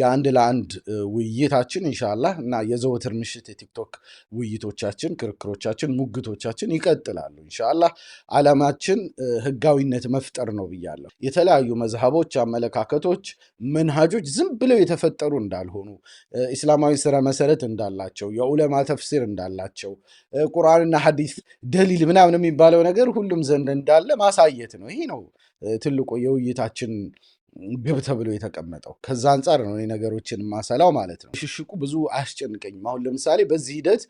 የአንድ ለአንድ ውይይታችን እንሻላ እና የዘወትር ምሽት የቲክቶክ ውይይቶቻችን፣ ክርክሮቻችን፣ ሙግቶቻችን ይቀጥላሉ እንሻላ አለማችን ህጋዊነት መፍጠር ነው ብያለሁ። የተለያዩ መዝሃቦች፣ አመለካከቶች፣ መንሃጆች ዝም ብለው የተፈጠሩ እንዳልሆኑ እስላማዊ ስረ መሰረት እንዳላቸው የዑለማ ተፍሲር እንዳላቸው ቁርአንና ሐዲስ ደሊል ምናምን የሚባለው ነገር ሁሉም ዘንድ እንዳለ ማሳየት ነው። ይሄ ነው ትልቁ የውይይታችን ግብ ተብሎ የተቀመጠው ከዛ አንጻር ነው ነገሮችን ማሰላው ማለት ነው። ሽሽቁ ብዙ አያስጨንቀኝም። አሁን ለምሳሌ በዚህ ሂደት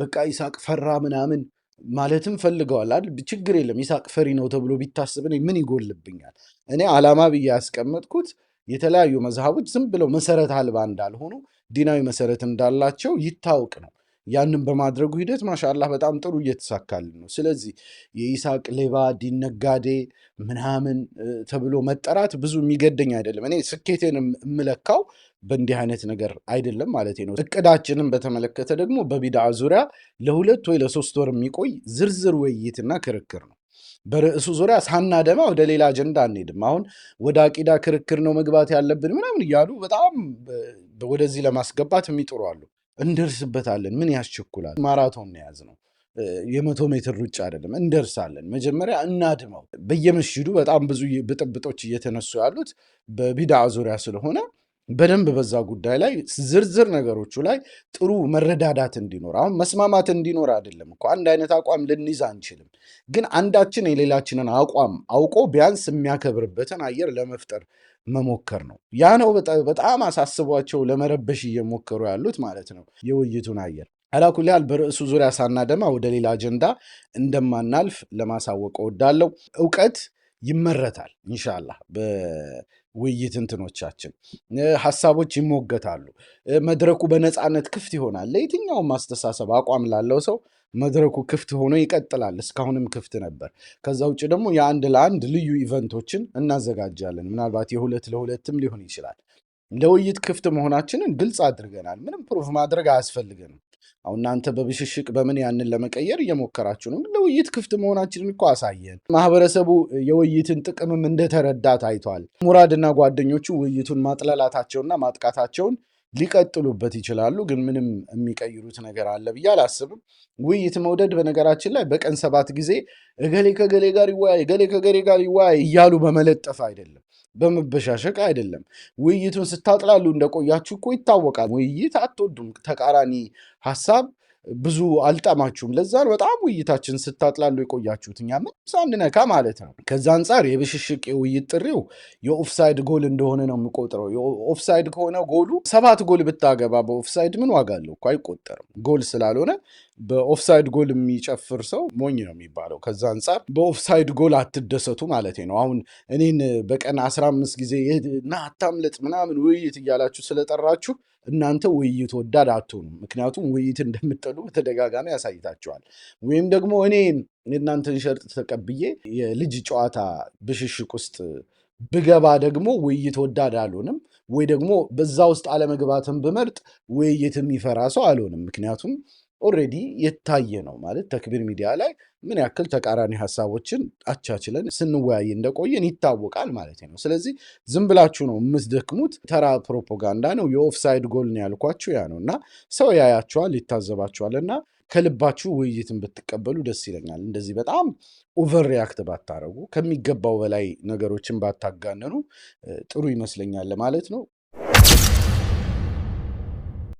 በቃ ይሳቅ ፈራ ምናምን ማለትም ፈልገዋል አይደል? ችግር የለም ይሳቅ ፈሪ ነው ተብሎ ቢታስብ ምን ይጎልብኛል? እኔ አላማ ብዬ ያስቀመጥኩት የተለያዩ መዝሃቦች ዝም ብለው መሰረት አልባ እንዳልሆኑ ዲናዊ መሰረት እንዳላቸው ይታወቅ ነው። ያንን በማድረጉ ሂደት ማሻላ በጣም ጥሩ እየተሳካልን ነው። ስለዚህ የኢሳቅ ሌባ ዲነጋዴ ምናምን ተብሎ መጠራት ብዙ የሚገደኝ አይደለም። እኔ ስኬቴን የምለካው በእንዲህ አይነት ነገር አይደለም ማለት ነው። እቅዳችንን በተመለከተ ደግሞ በቢድዓ ዙሪያ ለሁለት ወይ ለሶስት ወር የሚቆይ ዝርዝር ውይይትና ክርክር ነው። በርዕሱ ዙሪያ ሳናደማ ወደ ሌላ አጀንዳ አንሄድም። አሁን ወደ አቂዳ ክርክር ነው መግባት ያለብን ምናምን እያሉ በጣም ወደዚህ ለማስገባት የሚጥሩ አሉ። እንደርስበታለን። ምን ያስቸኩላል? ማራቶን የያዝ ነው የመቶ ሜትር ሩጫ አይደለም። እንደርሳለን። መጀመሪያ እናድመው። በየመስጂዱ በጣም ብዙ ብጥብጦች እየተነሱ ያሉት በቢድዓ ዙሪያ ስለሆነ በደንብ በዛ ጉዳይ ላይ ዝርዝር ነገሮቹ ላይ ጥሩ መረዳዳት እንዲኖር አሁን መስማማት እንዲኖር አይደለም እኮ አንድ አይነት አቋም ልንይዝ አንችልም፣ ግን አንዳችን የሌላችንን አቋም አውቆ ቢያንስ የሚያከብርበትን አየር ለመፍጠር መሞከር ነው። ያ ነው በጣም አሳስቧቸው ለመረበሽ እየሞከሩ ያሉት ማለት ነው የውይይቱን አየር። አላኩልያል በርዕሱ ዙሪያ ሳናደማ ወደ ሌላ አጀንዳ እንደማናልፍ ለማሳወቅ እወዳለሁ እውቀት ይመረታል። ኢንሻላህ በውይይት እንትኖቻችን ሀሳቦች ይሞገታሉ። መድረኩ በነፃነት ክፍት ይሆናል። ለየትኛውም አስተሳሰብ አቋም ላለው ሰው መድረኩ ክፍት ሆኖ ይቀጥላል። እስካሁንም ክፍት ነበር። ከዛ ውጭ ደግሞ የአንድ ለአንድ ልዩ ኢቨንቶችን እናዘጋጃለን። ምናልባት የሁለት ለሁለትም ሊሆን ይችላል። ለውይይት ክፍት መሆናችንን ግልጽ አድርገናል። ምንም ፕሩፍ ማድረግ አያስፈልገንም። አሁን እናንተ በብሽሽቅ በምን ያንን ለመቀየር እየሞከራችሁ ነው። ለውይይት ክፍት መሆናችንን እኮ አሳየን። ማህበረሰቡ የውይይትን ጥቅምም እንደተረዳ ታይቷል። ሙራድና ጓደኞቹ ውይይቱን ማጥላላታቸውና ማጥቃታቸውን ሊቀጥሉበት ይችላሉ። ግን ምንም የሚቀይሩት ነገር አለ ብዬ አላስብም። ውይይት መውደድ በነገራችን ላይ በቀን ሰባት ጊዜ እገሌ ከገሌ ጋር ይወያይ፣ እገሌ ከገሌ ጋር ይወያይ እያሉ በመለጠፍ አይደለም። በመበሻሸቅ አይደለም። ውይይቱን ስታጥላሉ እንደቆያችሁ እኮ ይታወቃል። ውይይት አትወዱም። ተቃራኒ ሀሳብ ብዙ አልጠማችሁም። ለዛ ነው በጣም ውይይታችን ስታጥላሉ የቆያችሁት፣ እኛ ምንም ሳንነካ ማለት ነው። ከዛ አንጻር የብሽሽቅ የውይይት ጥሪው የኦፍሳይድ ጎል እንደሆነ ነው የሚቆጥረው። ኦፍሳይድ ከሆነ ጎሉ ሰባት ጎል ብታገባ በኦፍሳይድ ምን ዋጋ አለው እኮ አይቆጠርም። ጎል ስላልሆነ በኦፍሳይድ ጎል የሚጨፍር ሰው ሞኝ ነው የሚባለው። ከዛ አንጻር በኦፍሳይድ ጎል አትደሰቱ ማለት ነው። አሁን እኔን በቀን አስራ አምስት ጊዜ ና ምናምን ውይይት እያላችሁ ስለጠራችሁ እናንተ ውይይት ወዳድ አትሆኑም። ምክንያቱም ውይይት እንደምጠሉ በተደጋጋሚ ያሳይታችኋል። ወይም ደግሞ እኔ የእናንተን ሸርጥ ተቀብዬ የልጅ ጨዋታ ብሽሽቅ ውስጥ ብገባ ደግሞ ውይይት ወዳድ አልሆንም፣ ወይ ደግሞ በዛ ውስጥ አለመግባትን ብመርጥ ውይይት የሚፈራ ሰው አልሆንም። ምክንያቱም ኦሬዲ የታየ ነው ማለት ተክቢር ሚዲያ ላይ ምን ያክል ተቃራኒ ሀሳቦችን አቻችለን ስንወያይ እንደቆየን ይታወቃል ማለት ነው። ስለዚህ ዝም ብላችሁ ነው የምትደክሙት። ተራ ፕሮፓጋንዳ ነው። የኦፍሳይድ ጎል ነው ያልኳችሁ ያ ነው እና ሰው ያያችኋል፣ ይታዘባችኋል እና ከልባችሁ ውይይትን ብትቀበሉ ደስ ይለኛል። እንደዚህ በጣም ኦቨር ሪያክት ባታረጉ፣ ከሚገባው በላይ ነገሮችን ባታጋነኑ ጥሩ ይመስለኛል ማለት ነው።